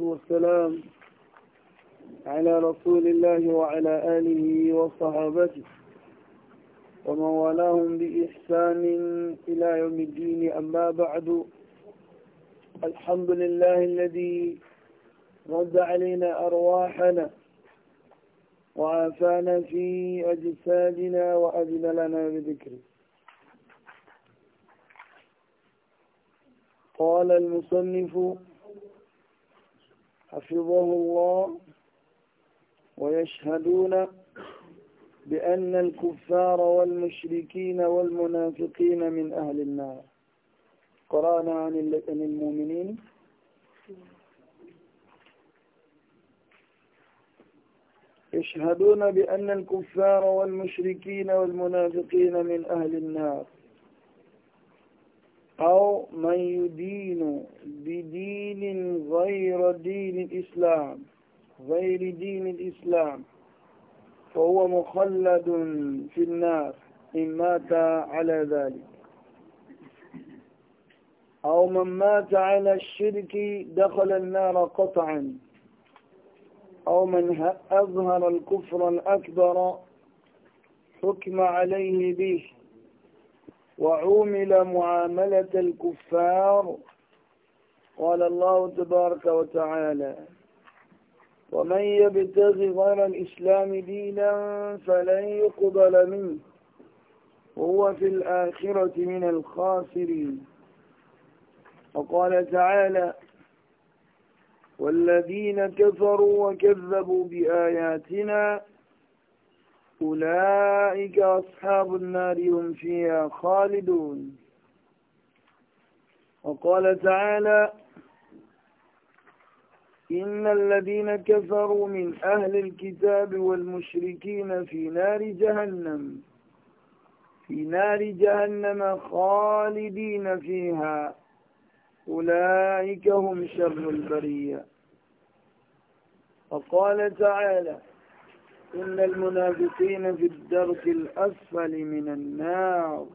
والسلام على رسول الله وعلى آله وصحابته ومن والاهم بإحسان إلى يوم الدين أما بعد الحمد لله الذي رد علينا أرواحنا وعافانا في أجسادنا وأذن لنا بذكره قال المصنف حفظه الله ويشهدون بأن الكفار والمشركين والمنافقين من أهل النار قرأنا عن المؤمنين يشهدون بأن الكفار والمشركين والمنافقين من أهل النار أو من يدين ب دين الإسلام غير دين الإسلام فهو مخلد في النار إن مات على ذلك أو من مات على الشرك دخل النار قطعا أو من أظهر الكفر الأكبر حكم عليه به وعومل معاملة الكفار قال الله تبارك وتعالى ومن يبتغي غير الإسلام دينا فلن يقبل منه وهو في الآخرة من الخاسرين وقال تعالى والذين كفروا وكذبوا بآياتنا أولئك أصحاب النار هم فيها خالدون وقال تعالى إن الذين كفروا من أهل الكتاب والمشركين في نار جهنم في نار جهنم خالدين فيها أولئك هم شر البرية وقال تعالى إن المنافقين في الدرك الأسفل من النار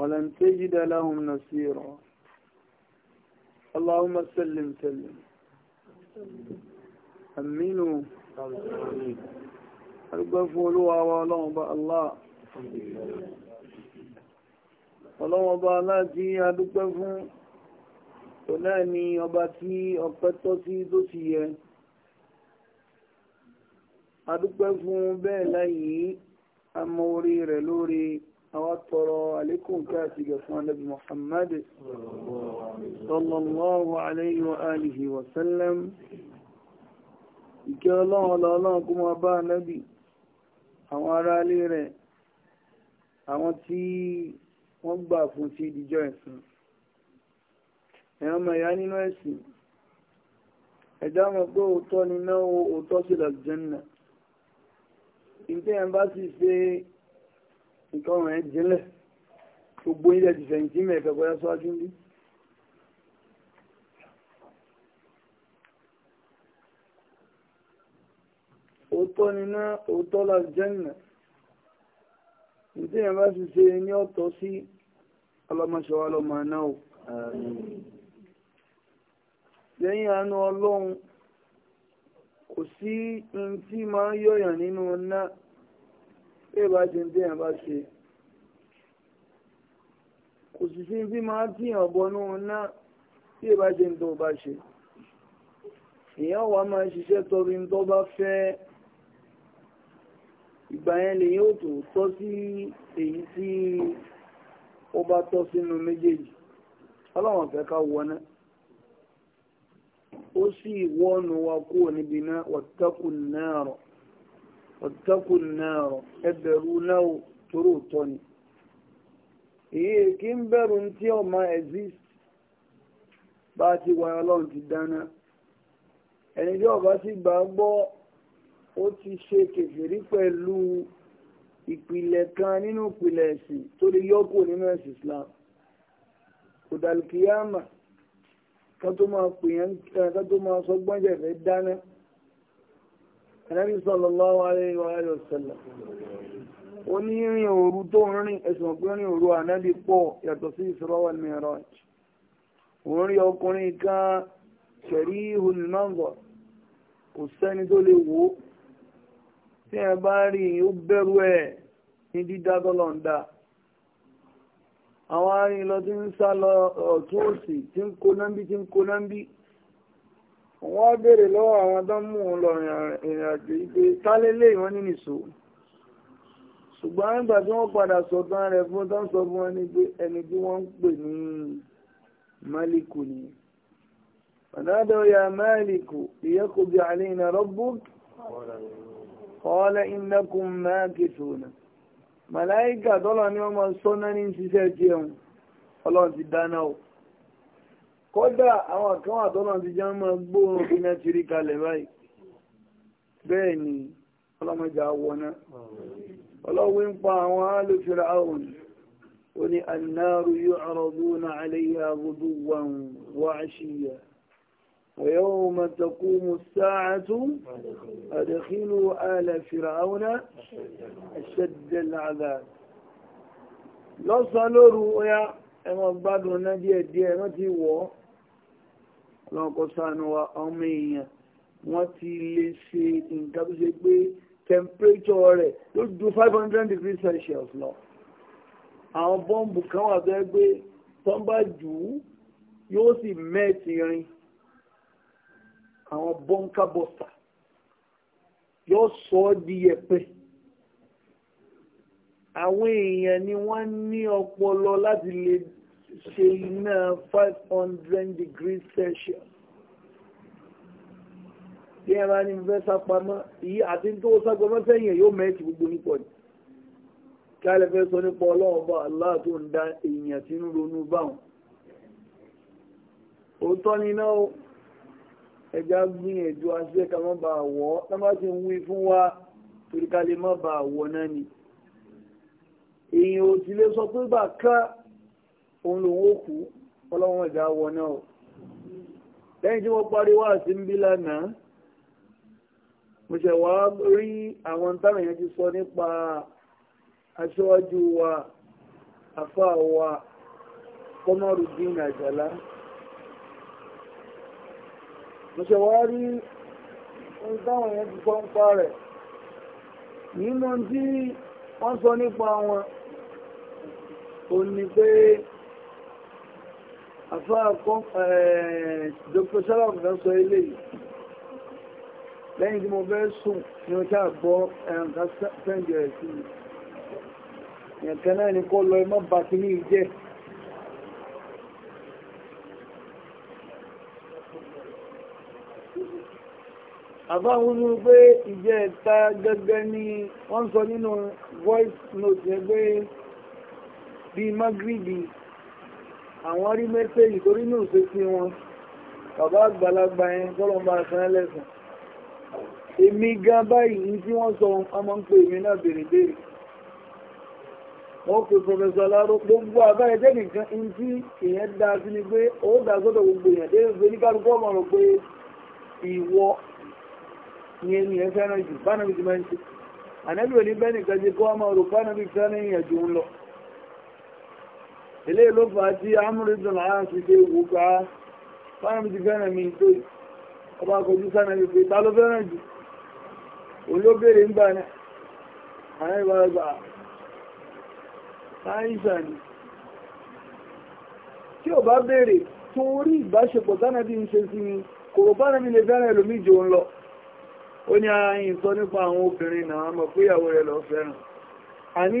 ولن تجد لهم نصيرا اللهم سلم سلم أمينوا أرقفوا ولهم الله ọlọ́wọ́n ọba aláàtí adúpẹ́ fún tó náà ni ọba tí ọpẹ́ tọ́ sí tó ti yẹ adúpẹ́ fún bẹ́ẹ̀ láyìí amọ́ orí rẹ̀ lórí àwọn tọrọ àlékún kí a sì gẹ̀ fún anábì Muhammad sallallahu alayhi wa alihi wa sallam ìkẹ́ ọlọ́run ọlọ́run kó máa bá anábì àwọn ará ilé rẹ̀ àwọn tí wọ́n gbà fún ti ìdíjọ́ ẹ̀sìn ẹ̀yàn ọmọ ìyá nínú ẹ̀sìn ẹ̀dá mọ̀ pé òótọ́ ni náà òótọ́ sí lọ́jọ́ náà ìtọ́rùn ẹ̀ jẹ́lẹ̀ gbogbo ilẹ̀ ti fẹ̀yìntì mẹ́ẹ̀kẹ́ kọjá síwájú ní òótọ́ nínú òótọ́ láti jẹ́nà ìtẹ́yàn bá ti ṣe ní ọ̀tọ̀ sí ọlọ́mọṣọ́wá lọ́mọ náà lẹ́yìn àánú ọlọ́run kò sí ní tí máa ń yọ̀yàn nínú náà bẹ́ẹ̀ bá ṣe ń tẹ́yàn bá ṣe kò sì sí bí máa tíyàn bọnú náà tí èbá ṣe ń tó bá ṣe èèyàn wà máa ṣiṣẹ́ tọrí ń tó bá fẹ́ ìgbà yẹn lè yóò tó tọ́ sí èyí tí ó bá tọ́ sínú méjèèjì ọlọ́wọ̀n fẹ́ ká wọná ó sì wọ́nu wa kúrò níbi náà wọ́tẹ́kùn náà rọ̀ ọ̀tọ́kù náà ẹbẹ̀rù náà toró tọ́ ni èyí kí ń bẹ̀rù tí ọmọ exist bá ti wà ọlọ́run ti dáná ẹni tí ọba sì gbà gbọ́ ó ti ṣe kèfèrí pẹ̀lú ìpìlẹ̀ kan nínú ìpìlẹ̀ ẹ̀sìn tó lè yọ́kù nínú ẹ̀sìn Islam kò dàlùkìyàmà máa sọ gbọ́njẹ̀fẹ́ dáná Ànábì sallallahu alaihi wa alihi wasallam onírin òru tó ń rìn ẹ̀sùn pé rìn òru ànábì pọ̀ yàtọ̀ sí Isra wal Mi'raj òun rí ọkùnrin kan sharihul manzar kò sẹ́ni tó lè wò ó tí ẹ àwọn arìnrìn lọ ti ń sá lọ ọ̀tún òsì tí ń kó náà bí tí ń kó náà bí wọ́n béèrè lọ́wọ́ àwọn tó ń mú un lọ ìrìn àjò ìpè tálélé ìwọ́n ní nìṣó ṣùgbọ́n nígbà tí wọ́n padà sọ tán rẹ̀ fún tó ń sọ fún wọn ní pé ẹni tí wọ́n ń pè ní máàlìkù ni ọ̀dọ́dọ̀ ya máàlìkù ìyẹ́kùbí àlẹ́yìnà rọ́bù ọ̀ọ́lẹ́ ọlọ́run ti dáná o kódà àwọn kan wà tọ́lọ́ ti já máa gbóòrùn bí náà ti rí kalẹ̀ báyìí bẹ́ẹ̀ ni ọlọ́mọjà wọná ọlọ́wí ń pa àwọn alùfẹ́ra àwọn ó ní annáru yu'raduna 'alayha ghuduwwan wa 'ashiyya wa yawma taqumu as-sa'atu adkhilu ala fir'auna ashadda al lọ́nkọ́ sánú wa ọmọ èèyàn wọ́n ti lè ṣe nǹkan tó ṣe pé temperature rẹ̀ ló ju five hundred degrees celsius lọ àwọn bọ́ǹbù kan wà bẹ́ẹ̀ pé tó ń bá jù ú yóò sì mẹ́ẹ̀tì rin àwọn bọ́ǹkà yóò sọ ọ́ di yẹ̀pẹ̀ àwọn èèyàn ni wọ́n ní ọpọlọ láti lè ṣe iná 500 degrees celsius bí ẹ bá ní fẹ́ sápamọ́ ìyí àti tó sápamọ́ sẹ́yìn yóò mẹ́ẹ̀tì gbogbo nípọ̀ ni kí a lè fẹ́ sọ nípa ọlọ́run bá Allah tó ń da èèyàn tí ń ronú báwọn òótọ́ ni náà ẹja gbìyànjú aṣẹ́ ká má bàa wọ́ tá bá ti ń wí fún wa torí ká lè má bàa wọ́ náà ni èèyàn ò sì lè sọ pé bàa ká òun lòun ó kú ọlọ́wọ́n ìjà wọ náà o lẹ́yìn tí wọ́n parí wá sí ń bí lánàá mo ṣẹ̀ wá rí àwọn táwọn èèyàn ti sọ nípa aṣáájú wa àfa wa kọ́mọ́rùdín àjàlá mo ṣẹ̀ wá rí ohun táwọn èèyàn ti sọ ń pa rẹ̀ nínú tí wọ́n sọ nípa wọn ò ní pé afáàkọ́ Dr. Salam lọ sọ ilé yìí lẹ́yìn tí mo fẹ́ sùn ní ọjọ́ àgbọ́ ẹ̀rùnká fẹ́ǹdì rẹ̀ sí ìyànkan náà ní kọ́ lọ ẹmọ́ bá kí ní ìjẹ́ àbáwọn ní pé ìjẹ́ ẹ̀ta gẹ́gẹ́ ní wọ́n sọ nínú voice note yẹn pé bíi magribi àwọn rí mẹ́sẹ̀jì torí ní òṣèṣì wọn bàbá àgbàlagbà yẹn tọ́lọ́mbà san lẹ́sàn èmi gan báyìí tí wọ́n sọ ọmọ ń pè mí náà bèrè bèrè wọ́n pè pọ̀fẹ́sọ̀ aláró gbogbo àbáyé jẹ́ nìkan in tí èèyàn dá sí ni pé ó dá sọ́dọ̀ gbogbo èèyàn dé pé ní kálukú ọmọ rò pé ìwọ ni ẹni ẹ fẹ́ràn jù bánàbí ti máa ń ṣe ànẹ́lú ilé ló fà á tí amúrídùn láàrín ká ti fẹ́ràn mi tó ọba kojú sánà mi pé ta ló fẹ́ràn jù olóbèrè ń gbà náà àwọn ìbáragbà sáyẹ́ǹsà ni tí ò bá béèrè tó rí ìbáṣepọ̀ tánàbí ń ṣe sí ni kòròbá náà mi lè fẹ́ràn ẹlòmí jò ń lọ ó ní sọ nípa àwọn obìnrin náà mọ̀ pé ìyàwó rẹ̀ lọ fẹ́ràn àní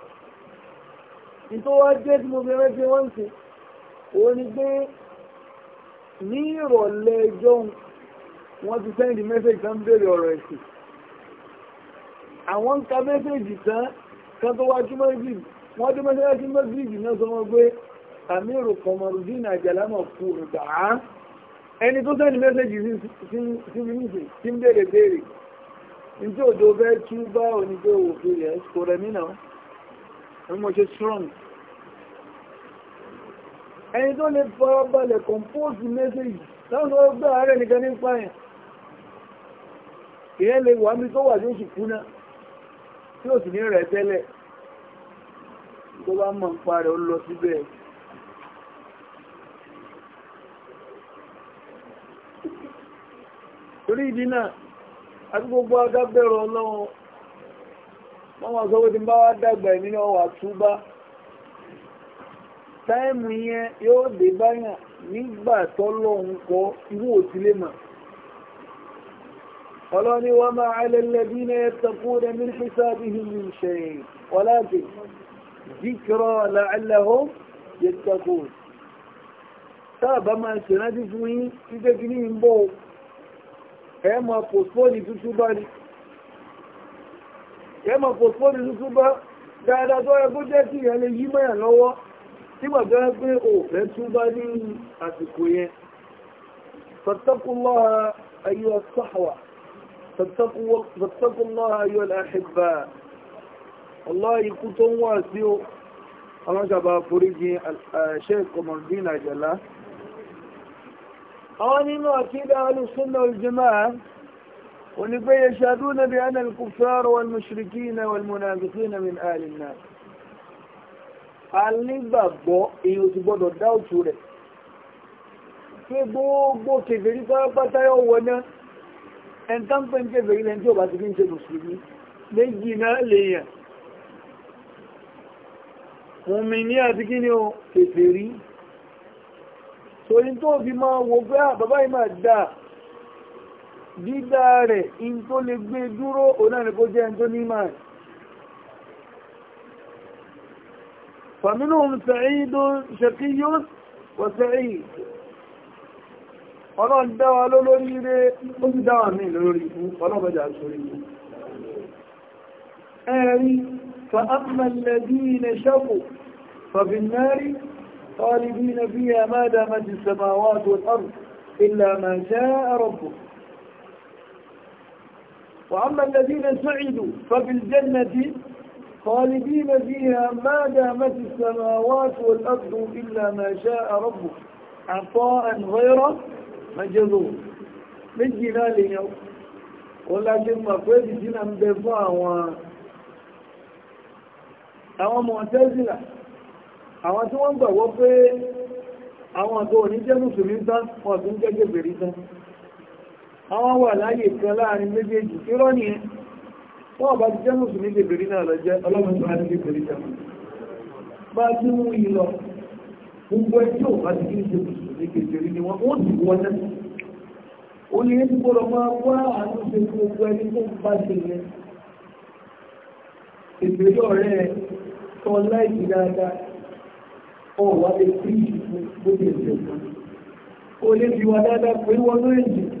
nítorí wá jẹ́ tí mo fi rántí wọ́n ti òun ni pé ní ìrọ̀lẹ́ ẹjọ́ wọn ti sẹ́ndì mẹ́sẹ̀jì kan béèrè ọ̀rọ̀ ẹ̀sìn àwọn ń ka mẹ́sẹ̀jì tán kan tó wá tí mẹ́sẹ̀jì wọ́n tí mẹ́sẹ̀jì mẹ́sẹ̀jì náà sọ wọn pé àmírù kọmọrùdín àjàlámọ̀ kú rùgbà á ẹni tó sẹ́ndì mẹ́sẹ̀jì sí mi nìsẹ̀ tí ń béèrè béèrè ní tí òjò fẹ́ tú bá òní pé òfin rẹ̀ kò rẹ̀ mí náà mo ṣe strong ẹni tó lè farabalẹ̀ compose message láwọn ọgbà ààrẹ nìkan ní pààyàn ìyẹn lè wà mí tó wà tí ó sì kúná tí ó sì ní rẹ̀ tẹ́lẹ̀ tó bá mọ̀ ń pa rẹ̀ ó lọ síbẹ̀ torí ìdí náà àti gbogbo adábẹ́rọ ọlọ́run wọ́n wá sọ́wọ́ tí ń bá wá dàgbà ẹ̀mí náà wà túbá táìmù yẹn yóò dé báyàn nígbà tọ́lọ́hún kọ irú òtílé mà ọlọ́ni wa ma ala alladhina yattaquna min hisabihim min shay walakin dhikra la'allahum ní ń bá ní kẹ́mọ̀ fòfóònù tuntun bá dáadáa tó ẹgbó jẹ́ kí ìyẹn lè yí mẹ́yà lọ́wọ́ nígbà tó yẹ pé òfẹ́ tún bá ní àsìkò yẹn fàtàkùnlọ́ ayé ọ̀sáhàwà fàtàkùnlọ́ ayé ọ̀láhìbà ọlọ́ ikú tó ń wà sí ó àwọn ìjọba foríjì àṣẹ ìkọmọ̀dínà ونبي يشهدون بأن الكفار والمشركين والمنافقين من آل الناس anígbàgbọ́ èyí ti gbọ́dọ̀ dá òtù rẹ̀ pé gbogbo kèfèrí pátápátá yọ wọ náà ẹn tán pé ń kèfèrí lẹ́n tí ó bá ti fi ń ṣe mùsùlùmí méjì náà lèèyàn mùmí ní àti kí ni ó kèfèrí torí tó fi máa wo pé àbábá máa dáa dídá rẹ̀ in tó lè gbé dúró òun náà ni kó jẹ́ ẹni tó ní máa فمنهم سعيد شقي وسعيد ọlọ́run dáwà lórí rẹ̀ ó ti dáwà mí lórí fún ọlọ́bẹ̀dà sórí fún ẹ̀rí فأما الذين شقوا ففي النار خالدين فيها ما دامت السماوات والأرض إلا ما شاء ربك وأما الذين سعدوا فبالجنة خالدين فيها ما دامت السماوات والأرض إلا ما شاء ربك عطاء غير مجذور من جنال اليوم ولكن ما قلت جنا مدفع و àwọn Mu'tazila àwọn tí wọ́n gbà wọ́n pé àwọn àgbà òní jẹ́ mùsùlùmí tán wọ́n tún jẹ́ jẹ́ bèrí tán àwọn wà láyé kan láàrin méjèèjì tí rọ́ ní ẹ wọ́n bá ti jẹ́ mùsùlùmí kèbèrè náà lọ jẹ́ ọlọ́run tó láti kèbèrè jẹ́ bá tí mú ìlọ gbogbo ẹjọ́ bá ti kí mùsùlùmí kèbèrè ni wọ́n ó sì wọ́n náà ó ní ẹni gbọ́dọ̀ máa wá àtúnṣe gbogbo ẹni tó bá ṣe yẹn kèbèrè ọ̀rẹ́ tọ́ láìsí dáadáa ọ̀wà lè fi ìṣùkú gbogbo ẹ̀jẹ̀ kan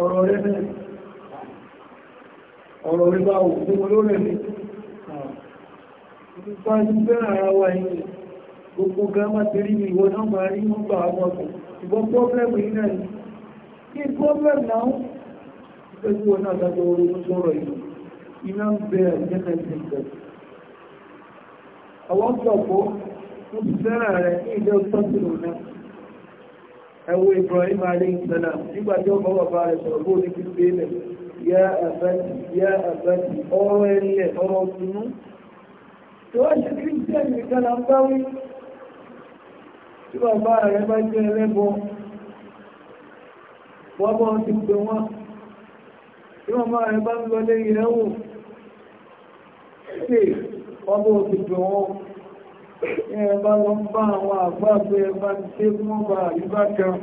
ọ̀rọ̀ rẹ̀ ní ọ̀rọ̀ rẹ̀ bá òkú olóòrẹ̀ ní ìpá ní bẹ́rẹ̀ ara wa yìí gbogbo gama ti rí ní ìwọ náà máa rí wọ́n bá àwọn ọkọ̀ ìbọn pọ́blẹ̀mù yìí náà ní kí pọ́blẹ̀mù náà pẹ̀lú wọn náà dájọ́ orí sọ̀rọ̀ yìí iná ń bẹ náà ẹwọ Ibrahim aleyhisselam nígbà tí ọkọ̀ bàbá rẹ̀ sọ̀rọ̀ bó ní kí pé lẹ̀ yá àbẹ́tì yá àbẹ́tì ọ̀rọ̀ ẹ̀lẹ̀ ọ̀rọ̀ ọ̀túnú tí wọ́n ṣe kírísítẹ́n nìkan là ń bá wí tí bàbá rẹ̀ bá jẹ́ ẹlẹ́bọ wọ́n bọ́ ti pè wọ́n tí bàbá rẹ̀ bá ń lọ lé ìrẹ́wò ṣe ọmọ ẹ̀bá lọ ń bá àwọn àgbàgbé ẹbá ti ṣe mọ́ bá àríbá kan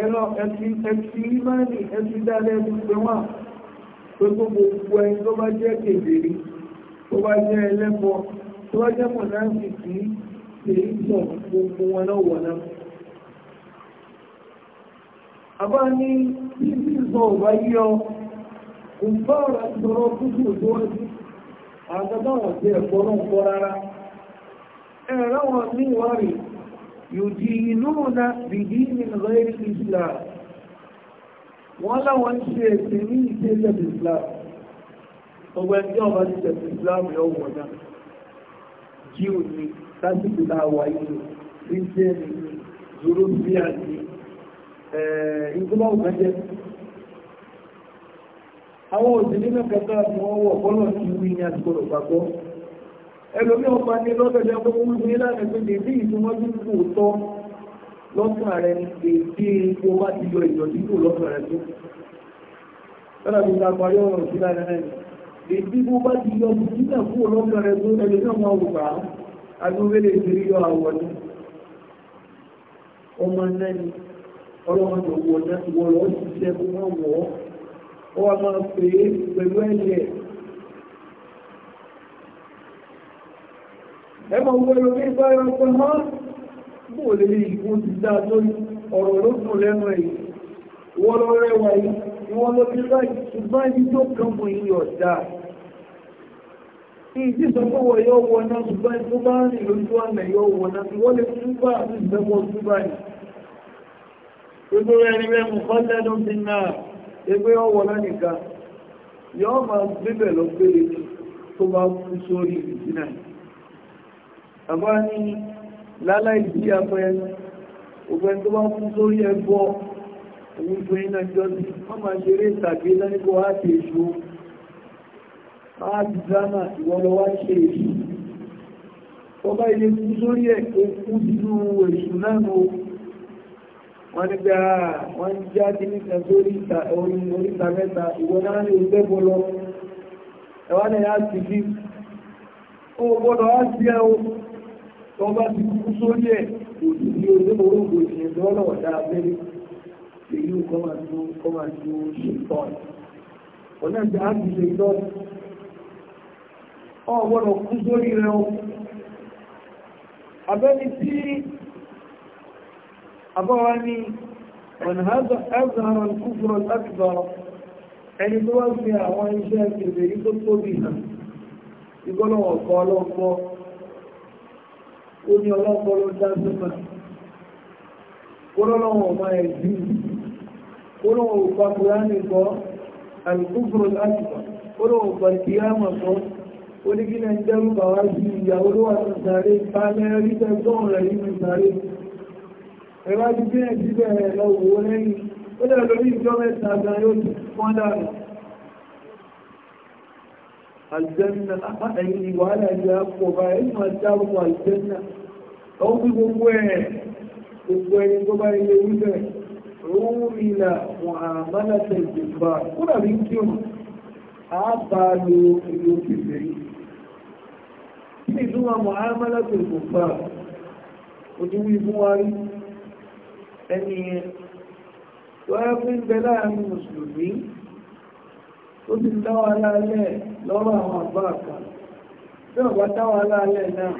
ẹlọ ẹ̀fì ìmáàlì ẹ̀fì dálẹ́ gbogbo wọn pé gbogbo ẹni tó bá jẹ́ kèbèrè tó bá jẹ́ ẹlẹ́bọ tó bá jẹ́ mọ̀láǹsì sí èyí sọ gbogbo wọn náà wọ̀ náà àbá ní títí sọ ọ̀bá yíọ kò bá ọ̀rọ̀ ìṣòro kúkú tó wájú àgbàgbà wọn ti ẹ̀kọ́ náà kọ́ rárá ẹ̀rọ wọn ní wọ́n rí yòdì inú na bìdí ní lọ́rí Islam wọ́n láwọn ń ṣe ẹ̀sìn ní ìṣẹ́lẹ̀ Islam ọgbà ẹgbẹ́ ọba ti ṣẹ̀sìn Islam yọ wọ̀ náà jíò ní lásìkò láwà ìlú Christian zoro àwọn ẹlòmí ọmọ ní lọ́sọ̀dẹ̀ ọkọ̀ ń gbé láti pé dèbí ìtumọ́jú kò tọ́ lọ́sàn rẹ̀ ní èdè tó bá ti yọ ìjọ̀dí kò lọ́sàn rẹ̀ tó. Lọ́nà bí ká parí ọ̀rọ̀ sí lára rẹ̀. Èdè tó bá ti yọ ìjọ̀dí kò lọ́sàn rẹ̀ tó ẹlòmí ọmọ òkà adúrélé ìdírí yọ àwọ̀ ni. Ọmọ náà ni ọlọ́run tó wọ̀ náà wọ̀ lọ́ ẹmọ gbọ́rọ̀ pé bára ọpọ̀ máa bó lè rí ìgbó ti dá lórí ọ̀rọ̀ lókùn lẹ́nu ẹ̀yìn wọ́n lọ rẹwà yìí wọ́n lọ bí láì ṣùgbọ́n ibi tó kàn mọ̀ yìí ọ̀dá ìdí ìsọpọ̀wọ̀ yóò wọ náà ṣùgbọ́n tó bá rìn lójú àmì yóò wọ náà wọ́n lè túbà àti ìgbẹ́mọ̀ túbà yìí gbogbo ẹni rẹ̀ yọ́ máa gbébẹ̀ lọ gbére tó bá kú sórí ìdí náà àbá ní láláì bí apẹ́ òfin tó bá fún sórí ẹgbọ́ òun fún iná jọ sí wọ́n máa ṣeré ìtàgé lẹ́nìkọ́ láti èṣù láti drama ìwọlọ́wà ṣe èṣù ọba ilé fún sórí ẹ̀ òkú nínú èṣù náà wọ́n ní bí ara ah, wọ́n já kí sórí oríta mẹ́ta ìwọ náà ẹ̀wọ́n tó bá ti kú sórí ẹ̀ ní olówó orógbò ìṣẹ̀lẹ̀ ọlọ́wọ̀ dára pẹ́lú èyí kọ́mà tó ṣe tọ́ ọ̀nà ìjà á ti ṣe tọ́ ọgbọ́dọ̀ kú sórí rẹ̀ ọ abẹ́ni tí abọ́wá ní ọ̀nà ẹ̀zọ̀rọ̀ kúfúrọ̀ láti bọ̀rọ̀ ẹni tó wá fi àwọn iṣẹ́ ìgbèrí tó tóbi hàn ìgbọ́lọ̀wọ̀ kọ́ ọlọ́pọ̀ ó ní ọlọ́pọ̀ ló dá sọ́mà kólọ́lọ́wọ̀ ọmọ ẹ̀jú kólọ́wọ̀ òpá kùránì kọ́ alùkúfùrù láti kọ́ kólọ́wọ̀ òpá kìíyàmọ̀ kọ́ ó ní kí ní ẹjẹ́rù bàwá sí ìyàwó ló wà tó sàárè bá lẹ́rí tẹ́gbọ́n rẹ̀ nínú sàárè ẹ̀wá ti bí aljanna àpáyìn ni wàhálà ìjà pọ̀ báyìí máa dárúkọ aljanna ó fi gbogbo ẹ̀ gbogbo ẹni tó bá ilé wíbẹ̀ rúrú ìlà mọ̀hàmánà tẹ̀síbà kúrò rí kí o àbá lo ìlú kìfẹ́ yìí kí ni ìtumọ̀ mọ̀hàmánà tẹ̀síbà tó ti dáwà aláàlẹ́ lọ́rọ̀ àwọn àgbà kan tí ọ̀gbà dáwà aláàlẹ́ náà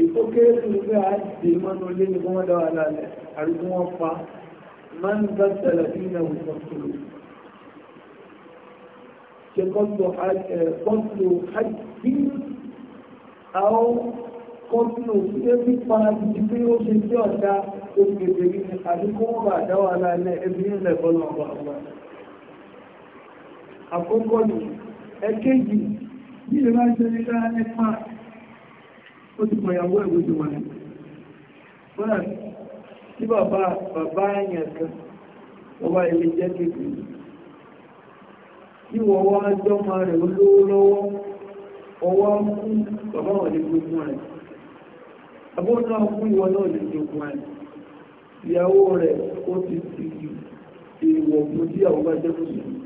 ètò kéré tó ń fẹ́ àdè mọ́nú ilé ní kí wọ́n dáwà aláàlẹ́ àríkú wọn pa máa ń bá tẹ̀lẹ̀ sí ilẹ̀ òkùnkùn kúrò ṣe kọ́tù hajjí àwọn kọ́tù ṣe pípa ibi pé ó ṣe tí ọ̀dá àkọ́kọ́ ni ẹ̀kẹ́jì ní ìlú láti ṣe nílá nípa ó ti pọ̀yàwó ẹ̀wọ́ ti wà ní wọ́nà tí bàbá bàbá ẹ̀yàn kan ọba ilé jẹ́ kéèkì tí wọ́n wá jọ máa rẹ̀ olówó lọ́wọ́ ọwọ́ fún bàbá wọn lè gbogbo rẹ̀ àbúrò náà fún ìwọ náà lè gbogbo rẹ̀ ìyàwó rẹ̀ ó ti ti èèwọ̀ fún tí àwọn bá jẹ́ fún ìlú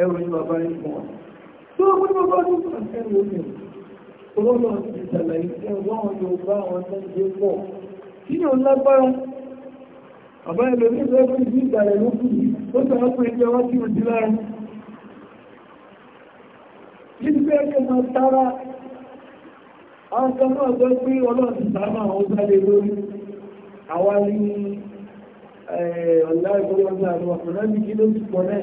ẹrù ní bàbá yìí fún wa tó o gbọ́dọ̀ bá ní pàṣẹ lónìí olóòlò ti ṣàlàyé pé wọ́n yóò bá àwọn tó ń gbé pọ̀ kí ni ó lágbára bàbá yìí lórí ìgbà ẹgbẹ́ ìdí ìgbà rẹ̀ ló kù yìí ó sọ wọ́n pé ẹgbẹ́ wọn kí o di lára yìí pé ẹgbẹ́ máa tara àwọn kan náà gbọ́ pé ọlọ́run ti sàánú àwọn ó sáré lórí àwa ní ọ̀la ìgbọ́lọ́gbà àwọn ọ̀pọ̀lọ́bí kí ló ti pọ̀ náà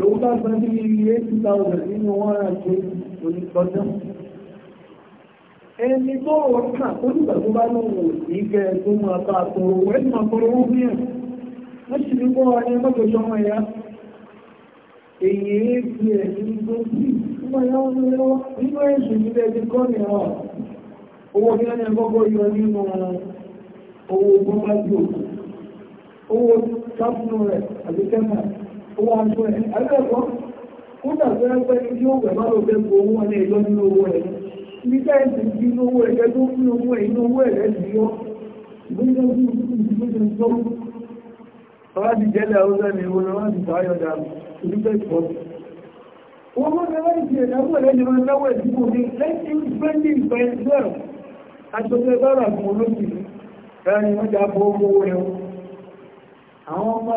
lówó bá gbá sí ilé 2000 nínú wọ́n rà tó onítọ́jọ́ ẹni tó rọ̀ kà tó nígbà tó bá lọ́wọ́ ìgẹ̀ tó máa bá àtọrọ ẹni máa tọrọ owó fún yàn wọ́n sì ní bọ́ ẹni mọ́tò sọmọ ẹ̀yà èyí fi ẹ̀yìn gbòógì ọmọ ìyá wọn lọ́wọ́ nínú ẹ̀sùn ìbílẹ̀ ti kọ́ ní ọ̀ owó kí lẹ́nu ẹgbọ́gbọ́ yọ nínú owó gbọ́gbájú owó sáfún rẹ̀ àti kẹ́mà owó aṣọ ẹ̀ alẹ́kọ̀ọ́ ó dàbí ẹgbẹ́ ní tí ó wẹ̀ bá lọ bẹ́ẹ̀ owó wọn lè lọ nínú owó ẹ̀ ní káyẹ̀sì bí inú owó ẹ̀jẹ̀ tó fún owó ẹ̀ inú owó ẹ̀rẹ́ sì yọ ìgbésẹ̀ sí ìgbésẹ̀ tó bá ti jẹ́lẹ̀ haúsá ni owó lọ́wọ́ ti tààyọ̀ dà ìrúfẹ́ ìfọ́ wọ́n mọ́ ẹgbẹ́ ìṣe ìdáwó ẹ̀rẹ́ ni wọ́n dáwọ́ ìdíkò ní lẹ́sìn twenty ìfẹ́ ìfẹ́ àjọṣe bára fún olóṣèlú àwọn ọmọ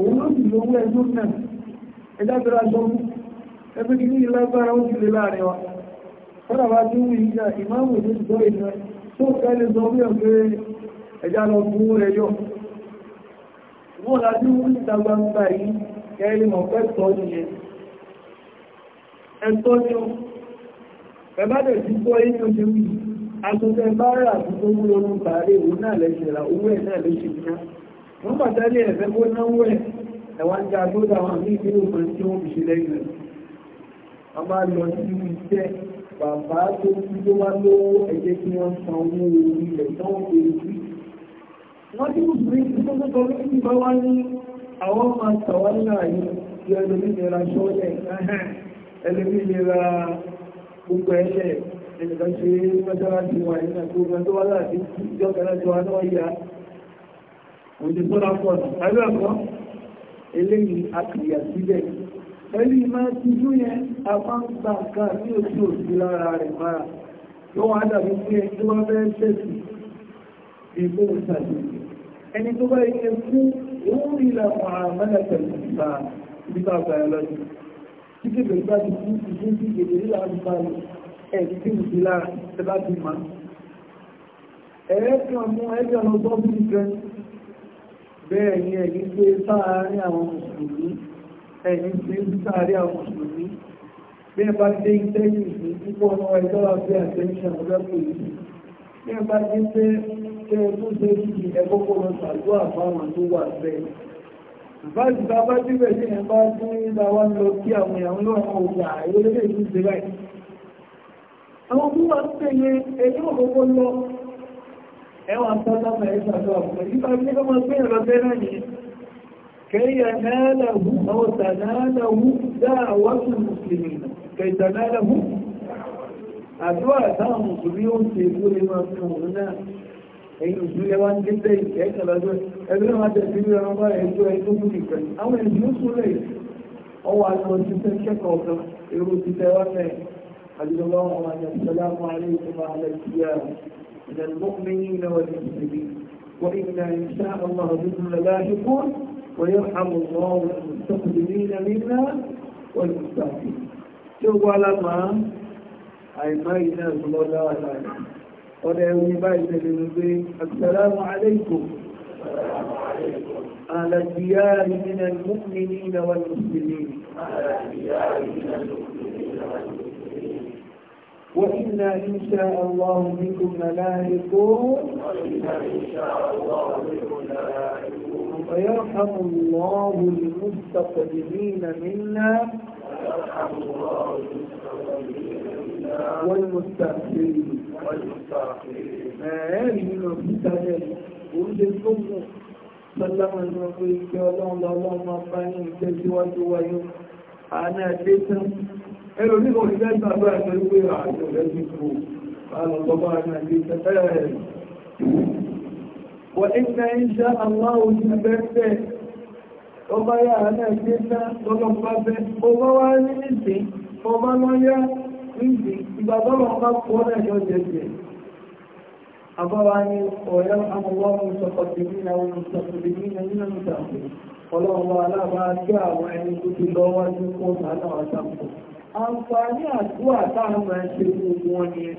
òun ló sì lówó ẹjọ́ náà ẹjábẹ̀rẹ̀ aṣọ́mú ẹgbẹ́ kí ní ìlágbára ó sì lè láàrin wa fọ́nà bá tí wù ìjà ìmáàmù tó sọ ìná tó fẹ́lẹ̀ sọ bí ọ̀gbẹ́ ẹjá lọ fún rẹ̀ yọ wọ́n la tí wù ìta gbangba yìí kẹ́lì mọ̀ fẹ́ sọ nìyẹn ẹ̀tọ́ ni ó ẹ̀bá dẹ̀ ti gbọ́ inú ti wù aṣọ tẹ bá rà tó gbogbo lọ́nà wọ́n pàtàkì ẹ̀fẹ́ kó náwó ẹ̀ ẹ̀wà ń jàgbó dáwọn ní ìpínlẹ̀ òkun tí wọ́n fi ṣe lẹ́yìn a máa lọ sí iṣẹ́ bàbá tó kú tó wá lówó ẹ̀jẹ̀ kí wọ́n san owó ilẹ̀ tán òkè ojú wọ́n tí kò sí tó tó tọ́ lórí ti bá wá ní àwọn máa tàwa láàyè tí ẹlòmí lè ra ẹlòmí lè ra ẹlẹ̀ ẹnìkan ṣe mọ́sálásí wa ìrìnàjò tó wá láti òdìbọ́lá pọ̀ ẹ̀rọ ẹ̀kọ́ eléyìí akìyà síbẹ̀ pẹ̀lú ìmá ti jú yẹn afáǹgbà nǹkan ní ojú òsì lára rẹ̀ mara ló wọ́n dàbí pé tó bá fẹ́ tẹ̀sì ìgbó ìsàlẹ̀ ẹni tó bá yẹ kú òun rí la mọ̀àmọ́lẹ̀ pẹ̀lú ìgbà nípa biology tí kébè bá ti kú ìgbó sí kébè nílà nípa ẹ̀sì bẹ́ẹ̀ ni ẹ̀yí gbé sáàárín àwọn mùsùlùmí ẹ̀yí gbé sáàárín àwọn mùsùlùmí bí ẹ bá dé ìtẹ́yìn sí púpọ̀ náà ẹjọ́ àti àtẹ́ṣẹ́ ọ̀rẹ́kùn yìí bí ẹ bá dé pé ṣe ẹkún ṣe kí ẹgbọ́kọ́ lọ sàdó àbáwọn tó wà bẹ́ẹ̀ báyìí bá bá débẹ̀ sí ẹ bá tún nígbà wá lọ kí àwọn èèyàn lọ àwọn òjà ìwé lélẹ̀ ìlú ṣe báyìí àwọn tó wà tẹ̀lé ẹjọ́ àkọ́kọ́ lọ ẹwà tọ́lọ́pẹ̀ ìṣàlọ́pẹ̀ nípa ilé ọmọ pé ẹ̀rọ bẹ́rẹ̀ ní kẹ́yà náàlẹ̀hù ọ̀tà náàlẹ̀hù dáàwọ́tù mùsùlùmí kẹta náàlẹ̀hù àdúrà táwọn mùsùlùmí ó ti èkó lè máa fi òun náà ẹ̀yìn òṣùlẹ̀ wá ń gé bẹ́ ìkẹ́kẹ̀lọ́dọ́ ẹgbẹ́ máa jẹ́ sí ìrọ̀ ọmọ ẹjọ́ ẹjọ́ mú nìkan àwọn ènìyàn súnlẹ̀ ọwọ́ àwọn òṣìṣẹ́ kẹ́kọ̀ọ́ kan èrò òṣìṣẹ́ wá mẹ́rin àdúgbò wọn wọn àjẹsọ́lá wọn àlẹ́ ìṣẹ́lá àlẹ́ ìṣẹ́lá من المؤمنين والمسلمين وإنا إن شاء الله بكم لاحقون ويرحم الله المستقدمين منا والمستعفين شوفوا على ما أي ما يناس الله لا ودعوني بعد للنبي السلام عليكم على الديار من المؤمنين والمسلمين على الديار من المؤمنين والمسلمين وإنا إن شاء الله بكم ملائكون فيرحم الله المستقدمين منا والمستأخرين هذه آه، المفتاحة يا tó mú sọ́lámà ní ọgbẹ́ ìkẹ́ ọlọ́run lọ́wọ́ ọmọ ọmọ ọmọ ìjẹ́ síwájú wáyé àánà ẹlò ní òní lẹ́gbà bá ẹgbẹ́ wé àjọ lẹ́gbì kú alọ́gbọ́gbọ́ àti ìtẹ́tẹ́ rẹ̀ wọ́n ìgbẹ́ iṣẹ́ aláwọ̀ ní ẹgbẹ́ ọba yà náà gbé ná lọ́lọ́gbà bẹ́ ọba wá ní ìsìn ọba lọ́yá ìsìn ìgbàgbọ́lọ́ ọba kọ́ náà yọ jẹjẹ àbáwá ní ọ̀yá amọ̀wọ́mù sọ̀kọ̀tìmí na wọn sọ̀kọ̀tìmí na nínú ìtàkùn ọlọ́wọ́ aláàbá gbé àwọn ẹni tó ti lọ́wọ́ ní kó sàánà àtàkùn àǹfààní àdúrà táwọn máa ń ṣe fún wọn ni ẹ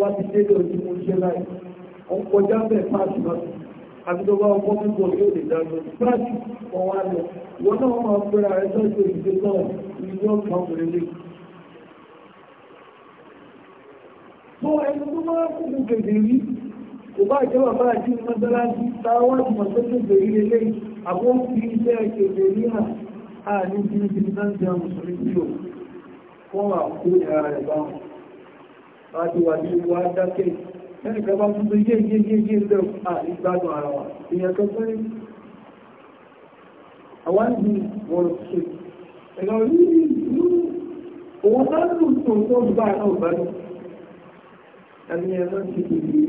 wá ti délé ojú mo ṣe láì ó kọjá bẹ́ẹ̀ páàkì lọ́sùn àbídọ́gbà ọkọ̀ mẹ́kọ̀ọ́ yóò lè dájọ́ páàkì wọn wá lọ wọn náà máa pẹ́ra rẹ sọ́jọ́ ìdíje náà ìjọ kan òrèlè tó ẹni tó máa kú kú kèdè rí kò bá jẹ́ bàbá àti mọ́sálásí táwọn ti mọ̀ tó kèdè rí lélẹ́yìn fi iṣẹ́ kèdè rí hàn àní bí i ti ní sáńtì àmùsùn ní wọ́n wà kú ìra rẹ̀ bá wọn láti wà ní ìwà dákẹ́ ẹni kọba tún tó yé yé yé yé lọ àìgbádùn ara wa ìyẹn tó pẹ́rẹ́ àwọn ìlú wọ́n ṣe ẹ̀lọ rí ìlú òun bá lù tó tó bá náà bá lù ẹni ẹ̀lọ́ ti kò lè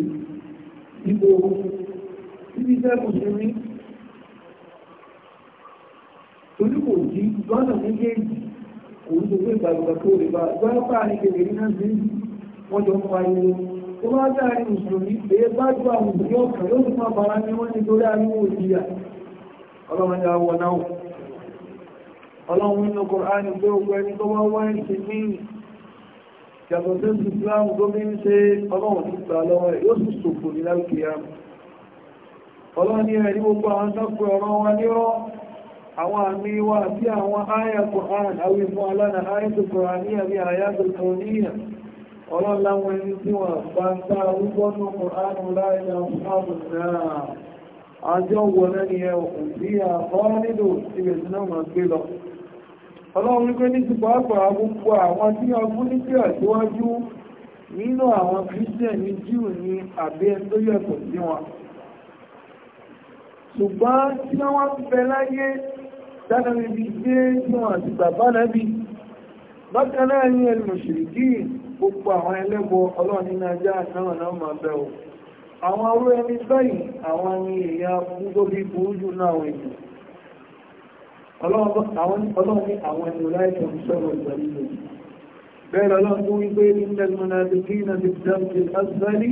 ìbò ibi jẹ́ kò ṣe rí torí kò jí lọ́nà méjèèjì òun tó gbé ìgbàgbà tó rí bá gbáfà ní kèrè ní náà sí wọ́n jọ fún ariwo tó bá dáàrí mùsùlùmí pé bá jù àwọn òbí ọkàn yóò fún àbára ní wọ́n ya wọ náà ọlọ́run nínú kọ̀ránì pé ogun ẹni tó wá wá ń ṣe ní tó bí ń ṣe àwọn àmì wa àti àwọn àyà Kùránì àwí fún alára àyà tó Kùránì àbí àyà tó Kùránì ẹni tí wọ́n bá ń tá arúgbọ́nù Kùránì láìlà fáàbùn náà gbé lọ àwọn a àwọn tánàrí bí gbé wọn àti bàbá nàbí bákan náà ní ẹlùmọ̀ṣìrìkì gbogbo o àwọn arú ẹni àwọn ni èèyàn gbogbo bí burú jù náà àwọn èèyàn ọlọ́ọ̀ni àwọn anyị láìsọ̀ sọ̀rọ̀ ìgbàlú bẹ́ẹ̀ lọ́lọ́ọ̀ tó wípé nílẹ̀ mọ̀nàdìkì náà ti dáàbì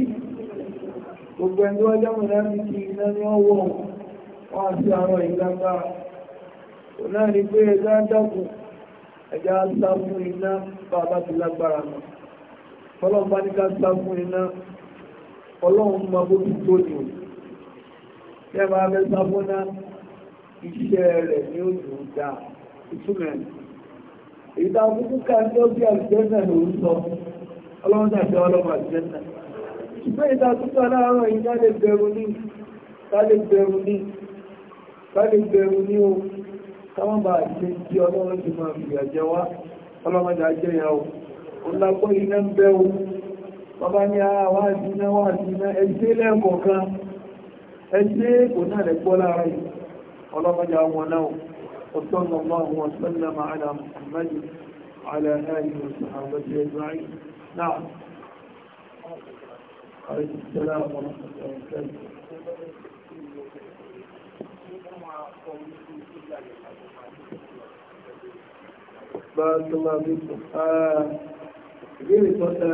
kò náà ni pé ẹja dákun sá fún iná a ti lágbára mọ́ ọlọ́run bá ní ká sá fún iná ọlọ́run bó ti ni o bí ẹ máa fẹ́ sá fún iná iṣẹ́ rẹ̀ ni ó dùn dáa ìtumọ̀ ìdá kúkú ká ní ó bí àlùjẹ́nà ló ń sọ ọlọ́run tàbí ọlọ́run àlùjẹ́nà ṣùgbọ́n ìdá kúkú lè bẹ̀rù ní o káwọn bá ṣe kí ọlọ́run ti máa fi àjẹ wá ọlọ́mọdé ajé ya o ọlápọ̀ iná ń bẹ́ o bàbá ní àwá ah, àdínà wà àdínà ẹgbẹ́ lẹ́ẹ̀kọ̀ọ̀kan ẹgbẹ́ kò náà rẹ̀ gbọ́ lára yìí ọlọ́mọdé àwọn náà وصلى الله وسلم على محمد Bárakọ́lá Bíkọ̀. Ah, ìbéèrè tọ́ta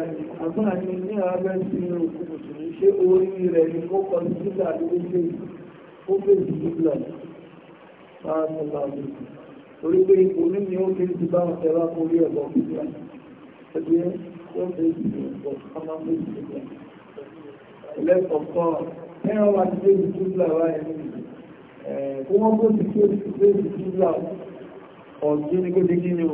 àbáà ni ní abẹ́ sí òkú Mùsùlùmí ṣé orí rẹ̀ ni ó kọ sí sílẹ̀ àdúgbò ó fèsì sílẹ̀. Bárakọ́lá Bíkọ̀. pé ipò ní ni ó fi ti bá wọn tẹ́lá orí ẹ̀bọ̀ sílẹ̀. Ẹgbẹ́ ó fèsì ẹ̀bọ̀ ká máa fèsì sílẹ̀. Ẹlẹ́kọ̀ọ́kọ́ ẹ̀rọ kó wọ́n kó ti kí oṣù pé oṣù tí ó ọ̀dún ní o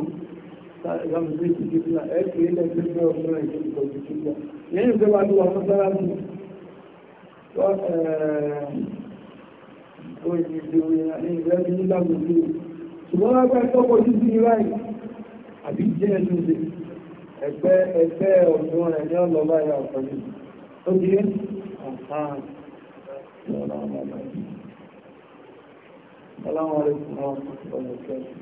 pé السلام عليكم ورحمة الله وبركاته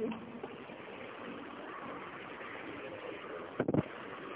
Thank you.